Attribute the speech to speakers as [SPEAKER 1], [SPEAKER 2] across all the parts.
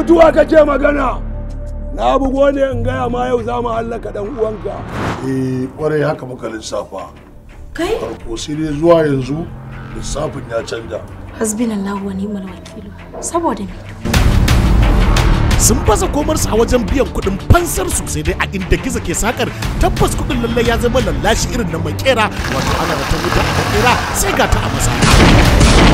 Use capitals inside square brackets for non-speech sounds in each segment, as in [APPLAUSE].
[SPEAKER 1] mutuwa kake magana na bugo ne in gaya ma yau za mu hallaka dan uwanka eh kwarai haka muka lissafa kai farko sai dai zuwa yanzu lissafin ya canja
[SPEAKER 2] hasbinallahu wa ni'mal wakil
[SPEAKER 1] saboda ni. sun baza komar a wajen biyan kuɗin fansar su sai dai a inda gizo ke sakar tabbas kuɗin lallai ya zama lallashi irin na kera wato ana da ta wuta a kera sai ga ta a masa.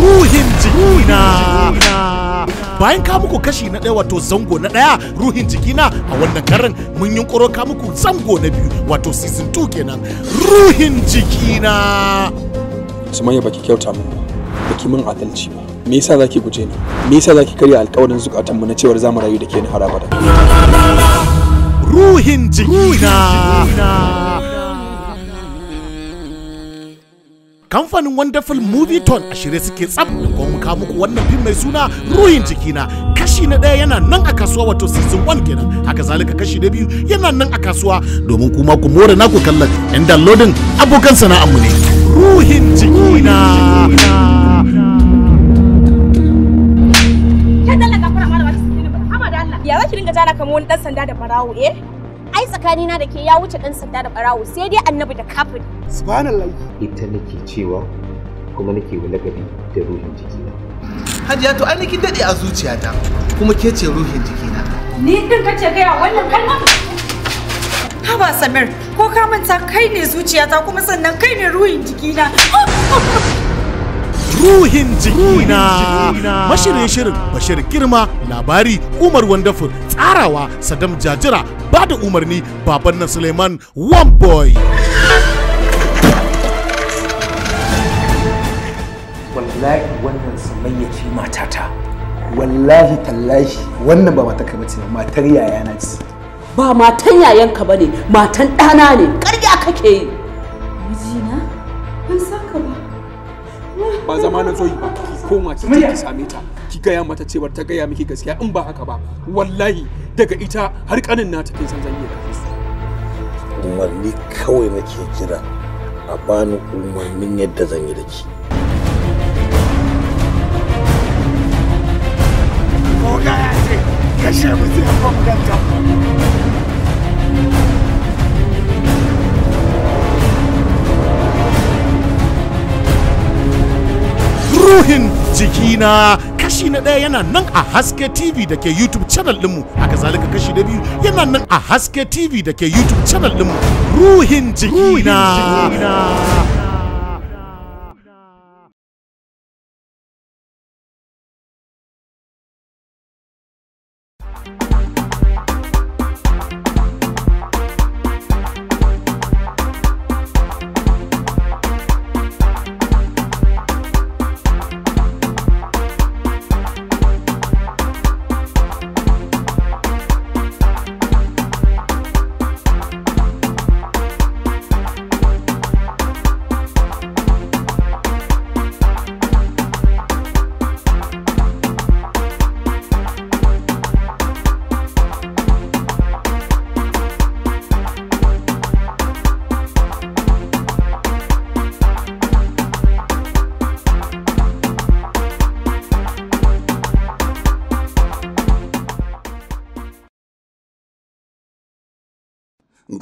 [SPEAKER 1] ruhin jikina bayan ka muku kashi na ɗaya wato zango na ɗaya ruhin jikina a wannan karin mun yi ƙoro ka muku zango na biyu wato season 2 kenan ruhin jikina
[SPEAKER 2] sumayya baki kyauta min baki min adalci ba me yasa zaki guje ni me yasa zaki karya alƙawarin zukatan mu na cewar mu rayu da ke ni har abada
[SPEAKER 1] ruhin jikina kamfanin wonderful movie ton a shirye suke tsab ko mu muka muku wannan film mai suna ruhin jikina kashi na ɗaya yana nan a kasuwa wato season 1 kenan haka zalika kashi na biyu yana nan a kasuwa domin kuma ku more naku kallon yan downloading abokan sana'armu ne ruhin jikina ya za ki dinga
[SPEAKER 2] jana kamar wani dan sanda da barawo eh ai tsakanina da ke ya wuce dan sanda da barawo sai dai annabi da kafin. subhanallahi ita nake cewa kuma nake lakabi da ruhin jikina hajiya to ai kin dade a zuciyata kuma ke ce ruhin jikina ni din kace gaya wannan kalmar Haba Samir, ko ka manta kai ne zuciyata kuma sannan kai ne ruhin jikina.
[SPEAKER 1] ruhin jikina mashirin shirin bashir girma labari umar wandafur tsarawa sadam jajira ba da umarni baban na suleiman one boy wallahi wannan
[SPEAKER 2] sumayya ce matata wallahi tallahi wannan ba matar bace ba matar yayana ce ba matan yayanka bane matan ɗana ne ƙarya kake yi
[SPEAKER 1] mijina ban san ka ba ba zamanin zoyi ba ki koma ki same ta ki gaya mata cewar ta gaya miki gaskiya in ba haka ba wallahi daga ita har kanin nata kin san zan yi umarni kawai nake kira a bani umarnin yadda zan yi da ki ruhin jikina kashi na ɗaya yana nan a haske tv da ke youtube channel ɗinmu haka zalika kashi na biyu yana nan a haske tv da ke youtube channel ɗinmu ruhin jikina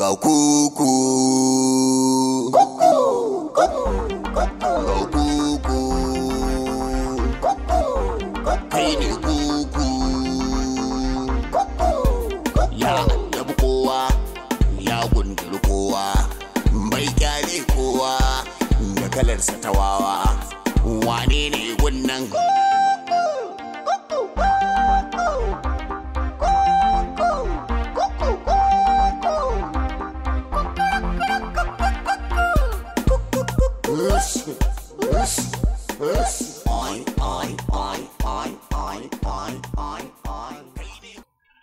[SPEAKER 3] ga kuku.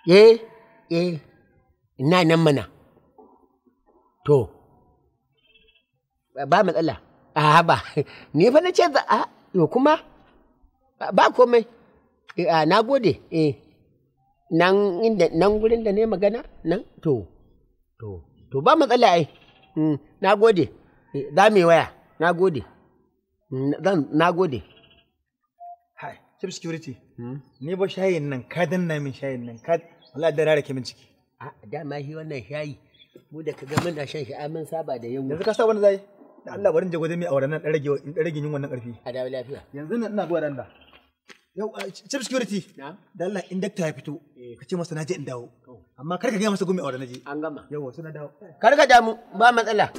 [SPEAKER 2] Eh, eh, ina nan mana. To, ba matsala, a ba, [LAUGHS] ni fa na ce za a yo kuma ba komai, e, a na gode, eh, nan inda nan gurin da ne magana nan to, to, to ba matsala ai, mm, na gode, e, za mu yi waya. na gode zan na gode hai chief security hmm? ni ba shayin nan ka danna min shayin nan ka wala da rara min ciki a dama shi wannan shayi mu da ka ga muna shan shi amin saba da yau yanzu ka sa wani zai da Allah barin je gode mai auren nan rage rage yin wannan karfi a da lafiya yanzu nan ina zuwa da Allah yau chief security da Allah indakta ya fito eh. ka ce masa naje in dawo oh. amma kar ka ga masa gumi auren naje an gama yawa na dawo kar ka damu ba matsala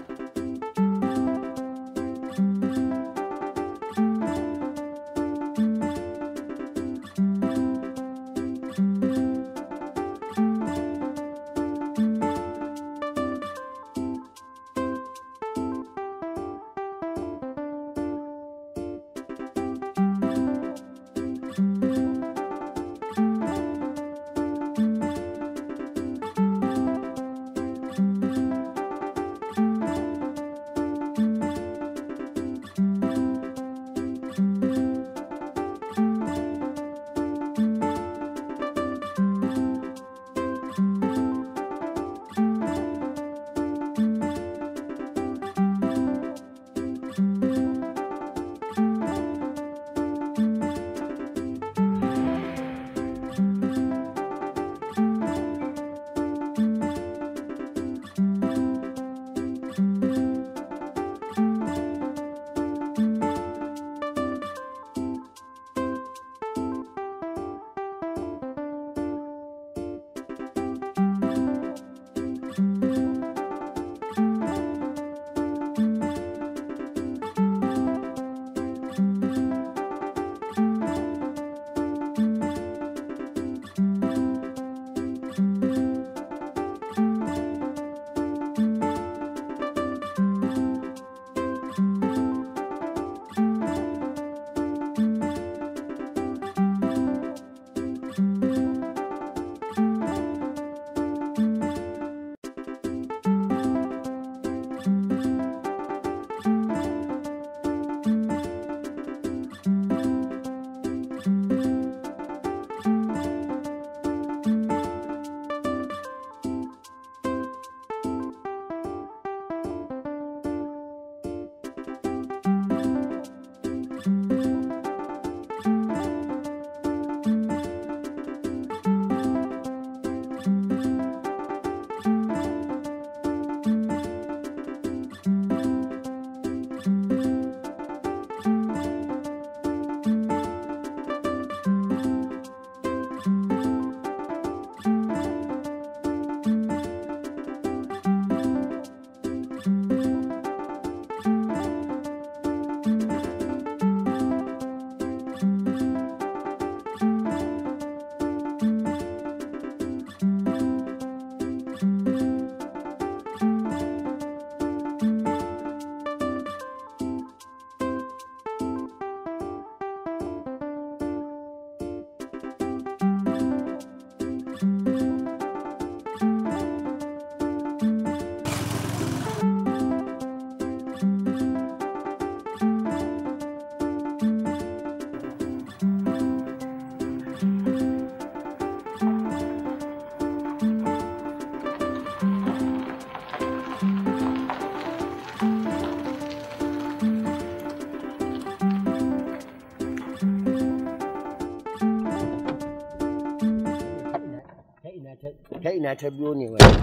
[SPEAKER 2] ta ina ta biyo ne wani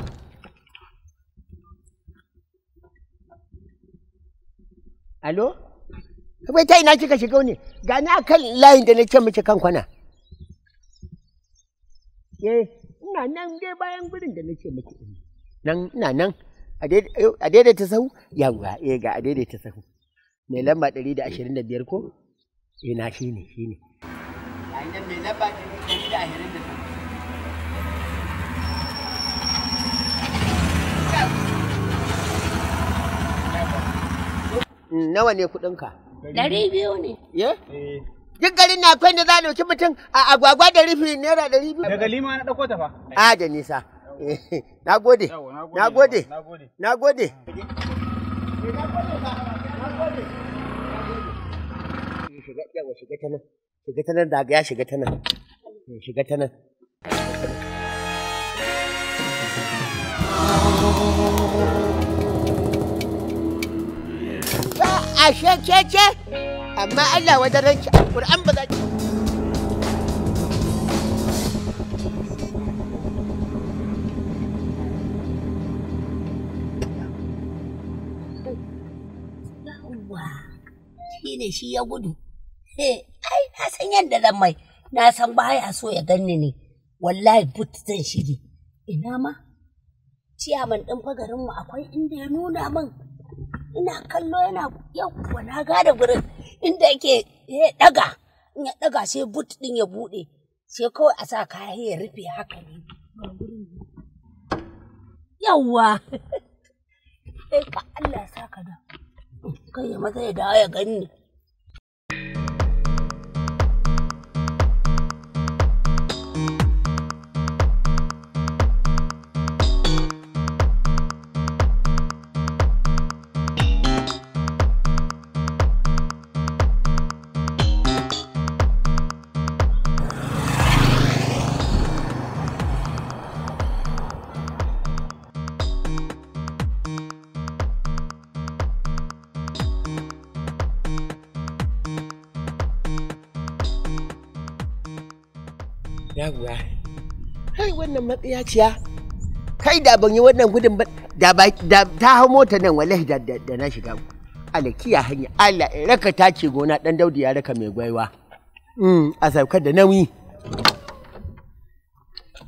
[SPEAKER 2] alo kai ta ina kika shiga ne ga ni akan layin da na ce miki kan kwana eh ina nan dai bayan gurin da na ce miki nan ina nan a daidaita sahu yawwa eh ga a daidaita sahu mai lamba 125 da ashirin da biyar ko ina eh, shi ne shi ne mai lamba 125 da da nawa ne kuɗinka? Dari biyu ne. Ye? Eh. Duk garin na fai da za a ɗauki mutum a agwagwa da rufi naira ɗari biyu. Daga lima na ɗauko ta fa. A ah, da nisa. Eh, [LAUGHS] na gode. Na gode. Na gode. Shiga ta nan. Shiga ta nan zagaya shiga ta nan. Eh, shiga ta nan. Oh ashe ke ce amma Allah wajen a alƙur'an ba za ki shi ne shi ya gudu. He, ai, na san yadda zan mai, na san baya so ya ganni ne, wallahi but zan shige. Ina ma, ciyaman ɗin fagarinmu akwai inda ya nuna min ina kallo yana yawwa na gada gurin inda yake ya daga in ya daga sai but din ya bude sai kawai a sa kaya ya rufe haka ne yawwa sai [LAUGHS] ka Allah saka da kai ya maza ya dawo ya gani matsiyaciya kai da ban yi wannan gudun ba da ta hau mota nan wallahi da na shiga alakiya hanya Allah ala raka take gona dan Daudu ya raka mai gwaiwa mm, a saukar da nauyi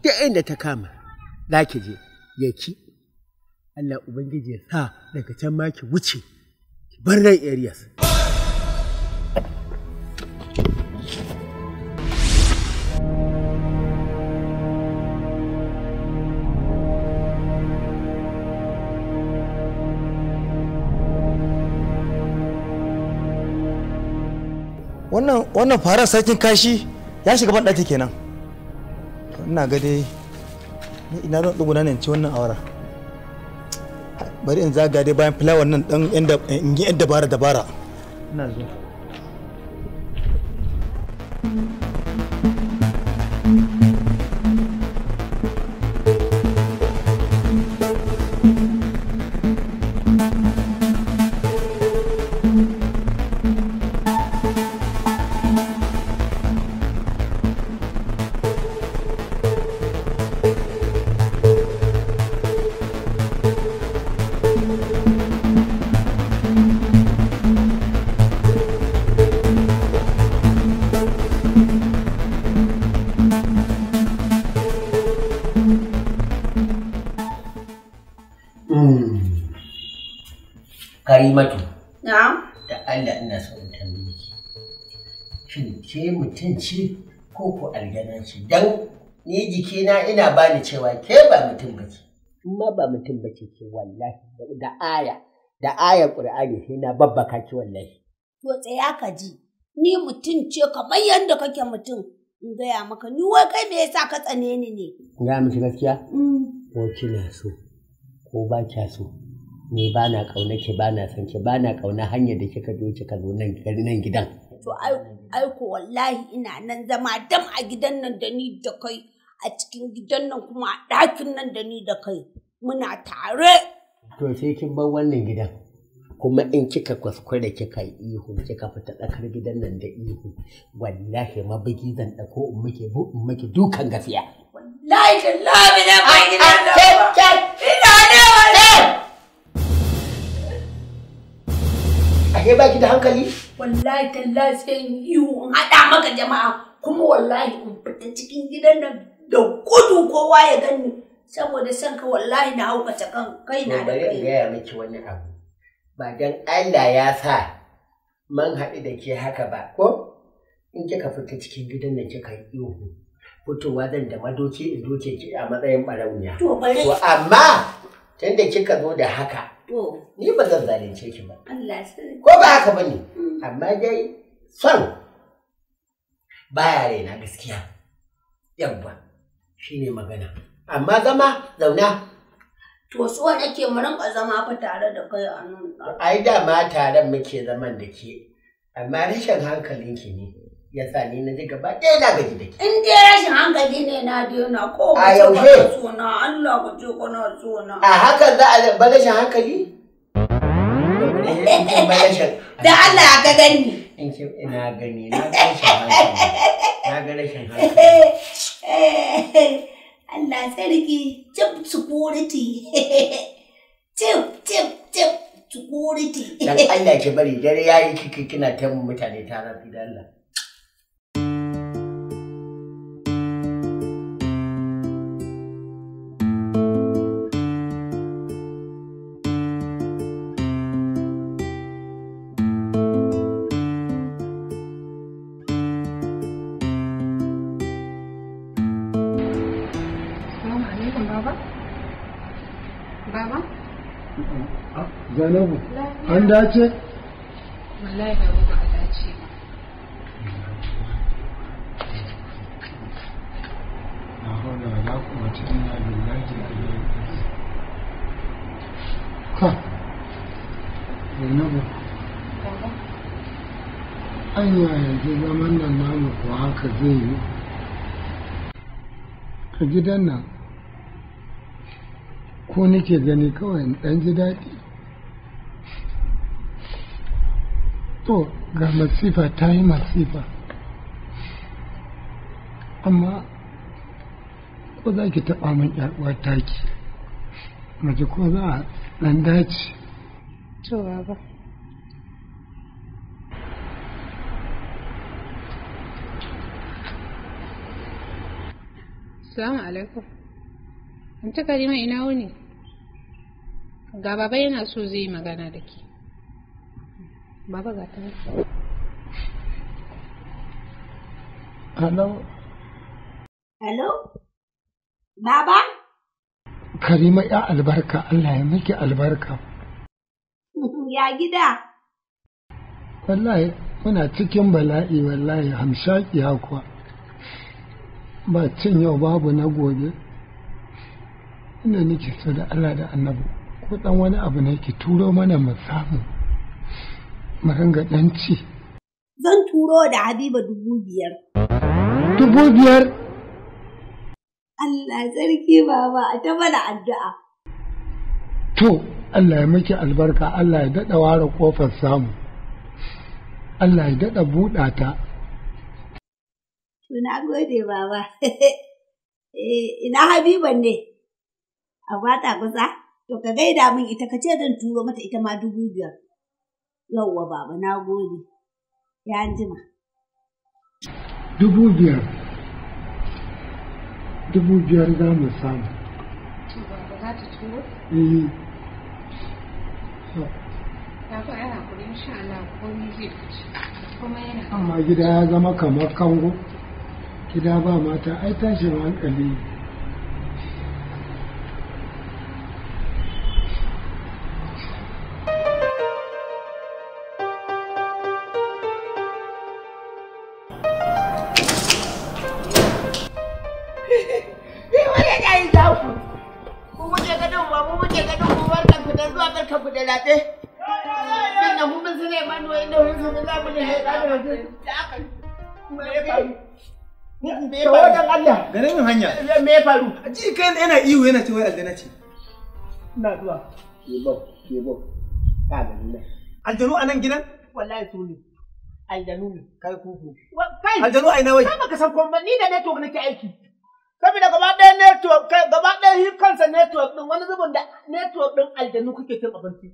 [SPEAKER 2] da inda ta kama za ki je ya ki Allah Ubangiji ya sa daga can ma ki wuce ki bar nan areas wannan farar sarkin kashi ya shiga ban ɗaki kenan ina ga dai ni ina zan ɗuguna nan ci wannan awara bari in zaga dai bayan fulawar nan ɗan
[SPEAKER 1] yan dabara dabara
[SPEAKER 3] ina zuwa
[SPEAKER 2] karimatu na'am da Allah ina so in tambaye ki shin ke mutum ce ko ko aljana ce dan ni jikina ina bani cewa ke ba mutum bace kuma ba mutum bace ke wallahi da aya da ayar qur'ani sai na babbaka ki wallahi to tsaya ka ji ni mutum ce kamar yadda kake mutum in gaya maka ni wai kai me yasa ka tsane ni ne ga miki gaskiya mm. ko kina so ko ba kya so ni ba na ƙauna ki ba na son ki ba na ƙauna hanyar da kika doce ka zo nan gidan. To ai ko wallahi ina nan zama dam a gidan nan da ni da kai a cikin gidan nan kuma a ɗakin nan da ni da kai muna tare. To sai kin bar wannan gidan kuma in kika kuskure kika yi ihu kika fita tsakar gidan nan da ihu wallahi mabigi zan dako in muke bu in muke dukan gafiya. Wallahi ne na ba gidan nan ba. ashe baki da hankali wallahi tallahi sai in in haɗa maka jama'a kuma wallahi in fita cikin gidan nan da gudu kowa ya gani saboda san ka wallahi na haukata kan kai na da kai bari in gaya miki wani abu ba dan Allah ya sa man haɗu da ke haka ba ko in kika fita cikin gidan nan kika yi ihu fitowa zan da madoki in doke ki a matsayin barauniya to amma tunda kika zo da haka Ni ba zan zalunce shi ba. Ko ba haka ba ne, mm. amma dai son baya raina gaskiya. Yabba shi ne magana. Amma zama zauna. To suwa nake mu rinka zama fa tare da kai a nan. Ai dama tare muke zaman da ke, amma rashin hankalinki ne. ya sa ni na ji gaba ɗaya na gaji da ke. In dai rashin hankali ne na daina ko a yaushe suna Allah ku ce kuna suna. A hakan za a ba rashin hankali? Da Allah ka gani. In ce ina gani na ga rashin hankali. Na ga rashin hankali. [LAUGHS] Allah sarki chip security. [LAUGHS] Chip chip chip security. Dan Allah ki bari dare yayi kike kina taimu mutane tara fi da Allah.
[SPEAKER 3] malamanmu an dace? wallahi an yi yanzu zaman nan namu ko haka zai yi a gidan nan ko nake gani kawai ɗan ji daɗi to ga masifa ta yi masifa amma ko za ki taɓa min ƴar'uwar taki mace ko za a ɗan dace cewa ba Salamu alaikum. ta Karima ina wuni? Ga baba yana so zai yi magana da ke. baba ga ta hello
[SPEAKER 2] hello baba
[SPEAKER 3] karima ya albarka Allah ya miki albarka
[SPEAKER 2] [LAUGHS] ya gida
[SPEAKER 3] wallahi muna cikin bala'i wallahi hamshakiya kuwa ba cin yau babu na gobe ina nake so da Allah da annabi ko dan wani abu ne ki turo mana mu samu mu ɗan ci.
[SPEAKER 2] Zan turo da Habiba dubu biyar.
[SPEAKER 3] Dubu biyar?
[SPEAKER 2] Allah sarki baba a ta mana addu'a.
[SPEAKER 3] To, Allah ya miki albarka, Allah ya daɗa ware kofar samu. Allah ya daɗa buɗa ta.
[SPEAKER 2] Na gode baba. [LAUGHS] Eh, ina Habiban ne, a bata kusa, to ka gaida min ita ka ce zan turo mata ita ma dubu biyar. Yauwa baba na gode, ya jima.
[SPEAKER 3] Dubu biyar, dubu biyar za mu samu. Za ta eh. Amma gida ya zama kamar kango, gida ba mata ai tashin hankali.
[SPEAKER 2] da na min hanya me ya faru ji kan yana ihu yana cewa aljana ce ina zuwa yebo yebo ka da ni aljanu a nan gidan wallahi su ne aljanu ne kai kuku kai aljanu a ina wai kai baka san kon ba ni da network nake aiki saboda gaba ɗaya network kai gaba ɗaya shi kansa network din wani zubin da network din aljanu kuke cin abinci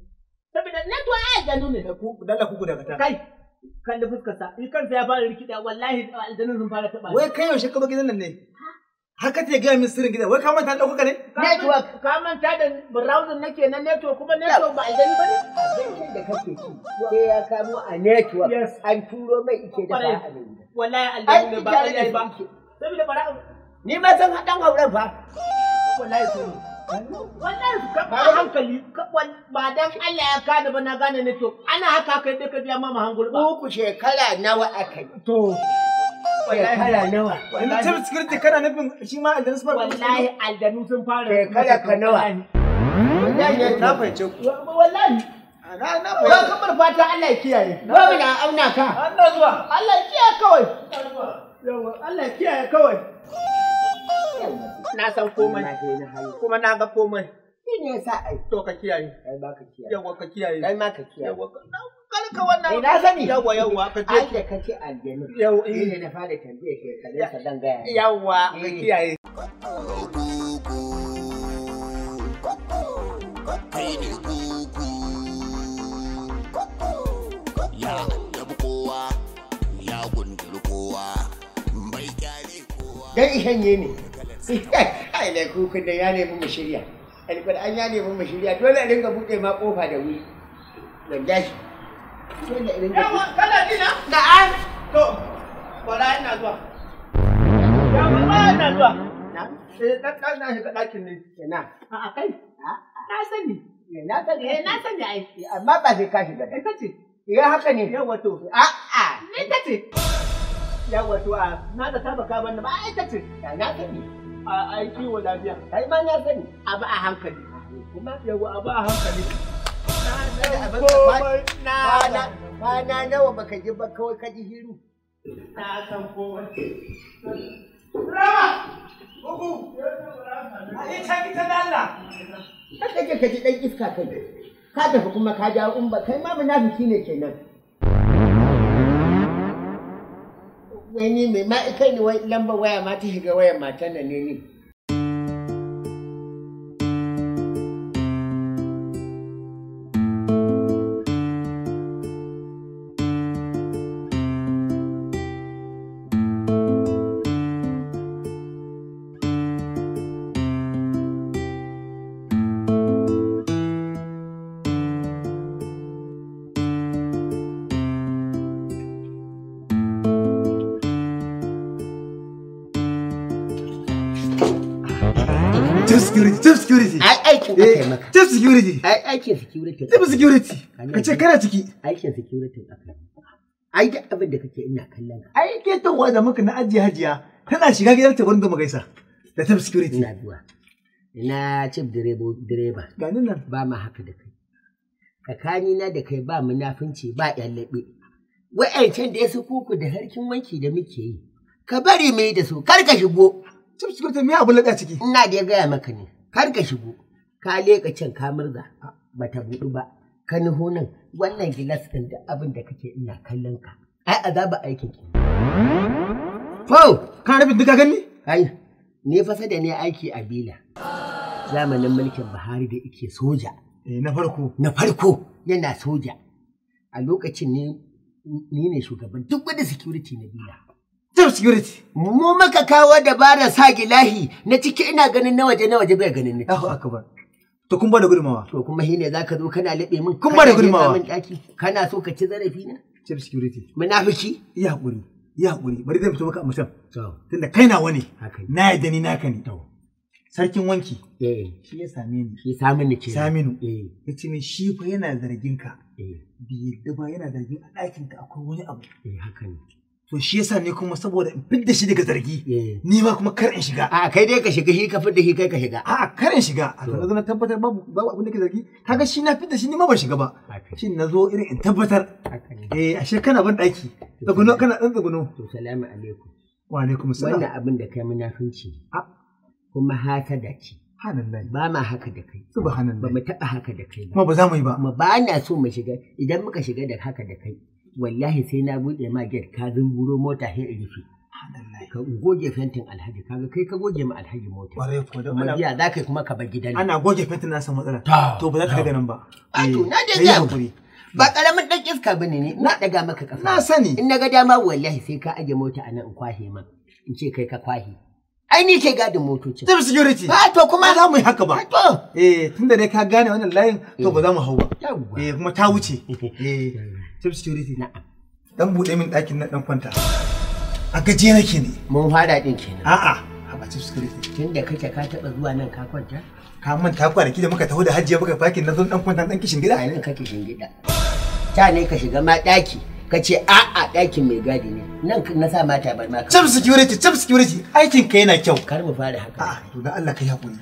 [SPEAKER 2] saboda network aljanu ne da ku dalla kuku daga ta kai kalli fuskarsa in kansa ya fara rikida wallahi aljanun sun fara taba wai kai yaushe ka ba gidan nan ne haka ka gaya min sirrin gidan wai ka manta dauko ka ne network ka manta da browser nake na network kuma network ba aljani bane da kake ci sai ya kamo a network an turo mai ike da ba wallahi aljani ne ba aljani ba saboda bara ni ma san hadan hauren fa wallahi sai Wannan ba hankali ba dan Allah ya kada ba na gane ne to ana haka kai dai ka biya mama hangul ba. Uku shekara nawa aka yi.
[SPEAKER 3] To. Shekara nawa. Wani cin
[SPEAKER 2] sikirti kana nufin shi ma aljanu sun fara. Wallahi aljanu sun fara. Shekara ka nawa. Wallahi na fahimce ku. Wallahi. Za ka bar fata Allah ya kiyaye. Babu na auna ka. Allah zuwa. Allah ya kiyaye kawai. Allah ya kiyaye kawai. Na san komai. Kuma na ga komai. Shi ne sa ai. To ka kiyaye. Kai ma ka kiyaye. ka kiyaye. Kai ma ka kiyaye. ka wannan. Ina sani. Yawwa yawwa ka je. Ai ka ce aljanu. Ni ne eh. na fara tambaye ke ka ka eh. kiyaye. Kai ne ne. ai ne ku kun da ya nemi mu shirya alƙur'an ya nemi mu shirya dole a ringa buɗe ma ƙofa da wuri don gashi dole a ringa buɗe kana dina da an to bala ina zuwa
[SPEAKER 1] ya bala ina zuwa
[SPEAKER 2] na sai eh, na shiga ɗakin ne kenan a kai na sani na sani eh na sani ai eh, amma ba zai kashi shiga ita eh, ce ya haka ne yawa to A. a'a ita ce yawa to a na da tabaka ban ba ita ce na sani a ai kiwo lafiya kai ma na sani abu a hankali kuma yawa abu a hankali kwana nawa baka ji ba kawai ka ji hiru na san kowa Rama! Gugu!
[SPEAKER 1] A yi ta ita da
[SPEAKER 2] Allah! Ka kake ka ji ɗan iska kai, ka tafi kuma ka ja umba kai ma munafiki ne kenan. wani mai ma ita ne lambar waya ma ta shiga wayar matan nan ne Chief security. Ai aikin eh, aka yi maka. Chief security. Ai aikin security. Chief security. Ka ce kana ciki. Aikin security aka yi. Ai da abin da kake ina kallon ka. Ai ke tawa da muka na ajiye hajiya tana shiga gidan ta gurin da magaisa da chief security. Ina duwa. Ina chief direbo direba. Ga nan. Ba ma haka da kai. Tsakanina da kai ba munafunci ba yallaɓe. Wa'yancan da ya suku ku da harkin wanki da muke yi. Ka bari mai da su kar ka shigo. Chief security me abu laɗa ciki? Ina da ya gaya maka ne. kar ka shigo ka leka cin ka murza ba ta buɗu ba ka nuhu nan wannan gilas ɗin da abin da kake ina kallon ka ai azaba aikin ki Fau, ka rufin duka gani? Ai, ne fasa da ne aiki a Bila. Zamanin mulkin Buhari da yake soja. Eh, na farko. Na farko yana soja. A lokacin ne ni ne shugaban duk wani security na Bila. still security mu maka kawo dabarar sa gilahi na ciki ina ganin na waje na waje bai ganin ni Allahu akbar to kun bada gudumawa to kuma shine zaka zo kana laɓe min kun bada gudumawa kana so ka ci zarafi na chief security munafiki ya hakuri ya hakuri bari zai fito maka a mutum tunda kai wani. ne na yadda ni naka ne sarkin wanki eh. shi ya same ni shi same ni ke saminu eh. ya ce min shi fa yana zargin ka eh. bi yadda ba yana zargin a ɗakin ka akwai wani abu eh haka ne to shi yasa ne kuma saboda in fidda shi daga zargi eh. ni ma kuma kar in shiga a kai dai ka shiga shi ka fidda shi kai ka shiga a kar in shiga a kan na tabbatar babu babu abin da ke zargi kaga shi na fidda shi ni ma ban shiga ba shi na zo irin in tabbatar eh ashe kana ban daki tsuguno kana dan tsuguno to salamu alaikum wa alaikum salam wannan abin da kai munafinci kuma haka da ki Ba ma haka da kai. Subhanallah. Ba mu taɓa haka da kai ba. Kuma ba za mu yi ba. Ba na so mu shiga idan muka shiga da haka da kai. wallahi sai na buɗe ma gate ka zumburo mota sai in rufe ka goge fentin alhaji kaga kai ka goge ma alhaji mota Ware ko da ana za ka kuma ka bar gidan ana goge fentin na san matsala to ba za ka ga nan ba a ah, to eh, na da ga ba karamin dan iska bane ne na daga maka kafa na sani in naga dama wallahi sai ka aje mota anan in kwahe ma in ce kai ka kwahe ai ni ke gadin motocin zai security ba ah, to kuma za mu yi haka ba ah, eh tunda dai ka gane wannan layin to ba eh. za mu hau ba eh kuma ta wuce [LAUGHS] eh Chief security. Na'am. Dan buɗe min ɗakin na dan kwanta. A gaje nake ne. Mun fada ɗin kenan. A'a, haba chief security. Tun da kake ka taɓa zuwa nan ka kwanta? Ka ta kwanaki da muka taho da hajjiya muka fakin na zo dan kwanta dan kishin gida. Ai nan ka kishin gida. Ta ne ka shiga ma ɗaki. ka ce a'a ɗakin mai gadi ne nan na sa mata bar maka chip security chip security aikin ka yana kyau kar mu fara haka a'a to dan Allah kai hakuri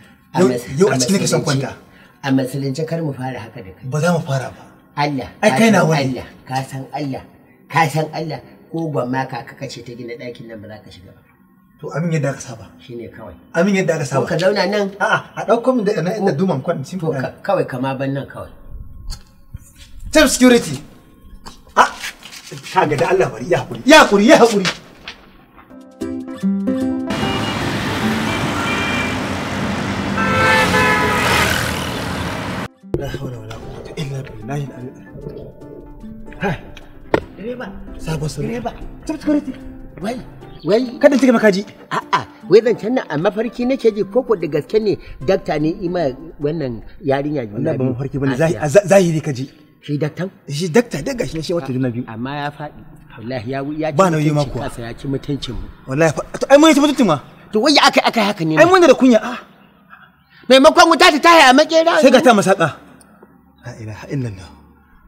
[SPEAKER 1] yau a cikin ka son kwanta
[SPEAKER 2] a masalance kar mu fara haka da kai ba za mu fara ba Allah ai kai na wani ka san Allah ka san Allah ko gwamma ka kaka ce ta gina ɗakin nan ba za ka shiga ba to amin yadda aka saba shine kawai amin yadda aka saba ka zauna nan a a a dauko min da nan inda duman kwan sun to kawai kama ban nan kawai Tap security. Ah, ga da Allah bari ya hakuri. Ya hakuri, ya hakuri. direba wai wai kada a'a wai zancen nan a mafarki nake ji koko da gaske ne dakta ne ima wannan yarinya juna ba mafarki bane zahiri kaji shi daktan shi dakta ne shi wata juna biyu amma ya faɗi wallahi ya ya ba ma kuwa ya ci mutuncin mu wallahi to ai mun yi mutuncin ma to wai aka aka haka ne ai mun a ah. maimakon wuta ta a makera ta masaka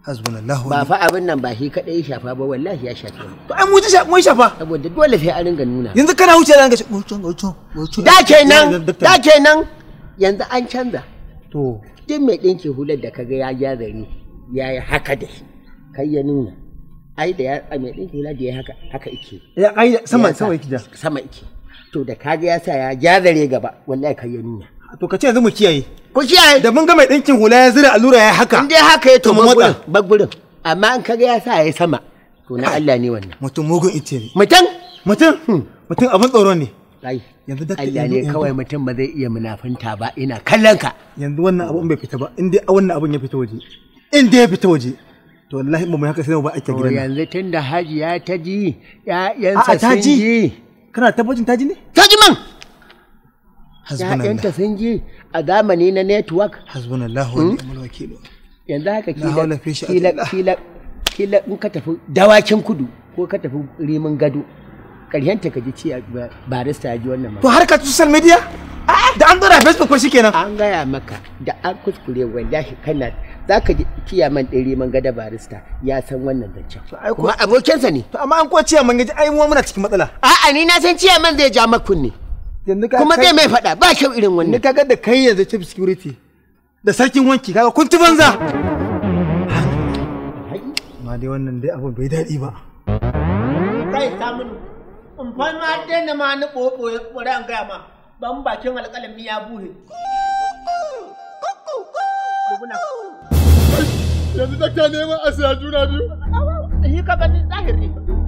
[SPEAKER 2] hasbunallahu ba fa abin nan ba shi kadai ya shafa ba wallahi ya shafa to ai mu ta mu shafa saboda dole sai a ringa nuna yanzu kana wuce da ringa gocon gocon gocon da kenan da kenan yanzu an canza to din mai dinki hular da kaga ya gyara ya yi haka da kai ya nuna ai da ya mai dinki hular da ya haka haka ike ya ai sama sama ike sama yake to da kaga ya sa ya gyara gaba wallahi kai ya nuna to ka ce yanzu mu kiyaye ku kiyaye da mun ga mai dinkin hula ya zira allura ya haka in dai haka ya to baggurin baggurin amma an kaga ya sa ya sama to na Allah ne wannan mutum mugun ice ne mutum mutum hmm. mutum abin tsoro ne yanzu da Allah ne kawai mutum ba zai iya munafinta ba ina kallon ka yanzu wannan abun bai fita ba in dai wannan abun ya fita waje in dai ya fita waje to wallahi mu haka sai mu ba ake gidan yanzu tun da haji ya taji ya yansa sun ji kana tabbacin ta ne taji man ya sun ji a zamani na network hasbunallahu wani hmm? ni'mal wakil yanzu haka kila in ka tafi dawakin kudu ko ka tafi rimin gado karyanta ta kaji ci barista ya ji wannan to har ka social media da an zara facebook ko kenan. an gaya maka da an kuskure wallahi kana za ka ji man ɗin riman gada barista ya san wannan zancen kuma abokinsa ne to amma an ko ciyaman gaji ai mu muna cikin matsala a'a ni na san ciyaman zai ja makun ne kuma zai mai faɗa ba kyau irin wannan ka ga da kai yanzu chief security da sarkin wanki kaga kun ci banza ma dai wannan dai abin bai daɗi ba kai mun in fa ma na ma ni ɓoɓo ɓore an gaya ma ban bakin alƙalami ya buhe
[SPEAKER 1] yanzu take neman a siya juna biyu. Yi ka gani zahiri.